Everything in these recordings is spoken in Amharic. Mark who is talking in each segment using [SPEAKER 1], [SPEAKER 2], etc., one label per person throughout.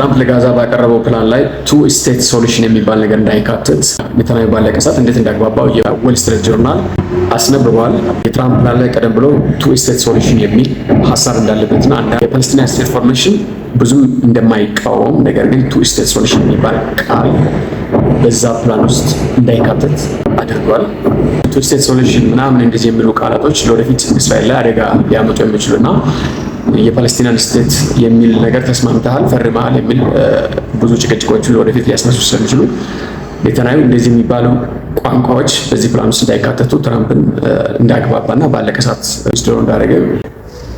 [SPEAKER 1] ትራምፕ ለጋዛ ባቀረበው ፕላን ላይ ቱ ስቴት ሶሉሽን የሚባል ነገር እንዳይካተት ኔታንያሁ ባለቀ ሰዓት እንዴት እንዳግባባው የወል ስትሪት ጆርናል አስነብበዋል። የትራምፕ ፕላን ላይ ቀደም ብሎ ቱ ስቴት ሶሉሽን የሚል ሀሳብ እንዳለበትና የፓለስቲና ስቴት ፎርሜሽን ብዙም እንደማይቃወም ነገር ግን ቱ ስቴት ሶሉሽን የሚባል ቃል በዛ ፕላን ውስጥ እንዳይካተት አድርጓል። ቱ ስቴት ሶሉሽን ምናምን እንደዚህ የሚሉ ቃላቶች ለወደፊት እስራኤል ላይ አደጋ ሊያመጡ የሚችሉና የፓለስቲናን ስቴት የሚል ነገር ተስማምተሃል ፈርመሃል የሚል ብዙ ጭቅጭቆችን ወደፊት ሊያስነሱ ስለሚችሉ ኔታንያሁ እንደዚህ የሚባሉ ቋንቋዎች በዚህ ፕላን ውስጥ እንዳይካተቱ ትራምፕን እንዳግባባና ባለቀ ሰዓት ሚኒስትሩ እንዳደረገ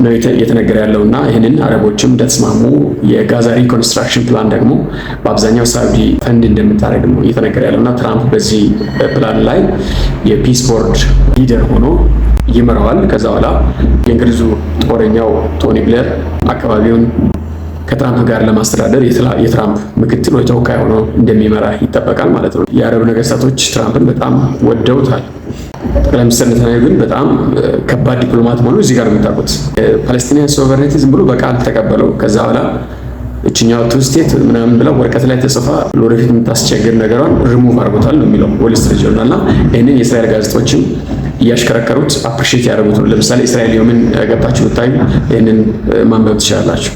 [SPEAKER 1] ነው እየተነገረ ያለው እና ይህንን አረቦችም እንደተስማሙ የጋዛ ሪኮንስትራክሽን ፕላን ደግሞ በአብዛኛው ሳውዲ ፈንድ እንደምታደርግ ነው እየተነገረ ያለው እና ትራምፕ በዚህ ፕላን ላይ የፒስ ቦርድ ሊደር ሆኖ ይመራዋል። ከዛ በኋላ የእንግሊዙ ጦረኛው ቶኒ ብለር አካባቢውን ከትራምፕ ጋር ለማስተዳደር የትራምፕ ምክትል ወይ ተወካይ ሆኖ እንደሚመራ ይጠበቃል ማለት ነው። የአረብ ነገስታቶች ትራምፕን በጣም ወደውታል። ጠቅላይ ሚኒስትር ኔታንያሁ ግን በጣም ከባድ ዲፕሎማት መሆኑ እዚህ ጋር የሚታቁት ፓለስቲኒያን ሶቨሬንቲ ዝም ብሎ በቃል ተቀበለው። ከዛ በኋላ እችኛዋ ቱ ስቴት ምናምን ብለው ወረቀት ላይ ተጽፋ ለወደፊት የምታስቸግር ነገሯን ሪሙቭ አድርጎታል ነው የሚለው ወል ስትሪት ጆርናል እና ይህንን የእስራኤል ጋዜጦችም እያሽከረከሩት አፕሪሺየት ያደረጉት ነው። ለምሳሌ እስራኤል የምን ገብታችሁ ብታዩ ይህንን ማንበብ ትችላላችሁ።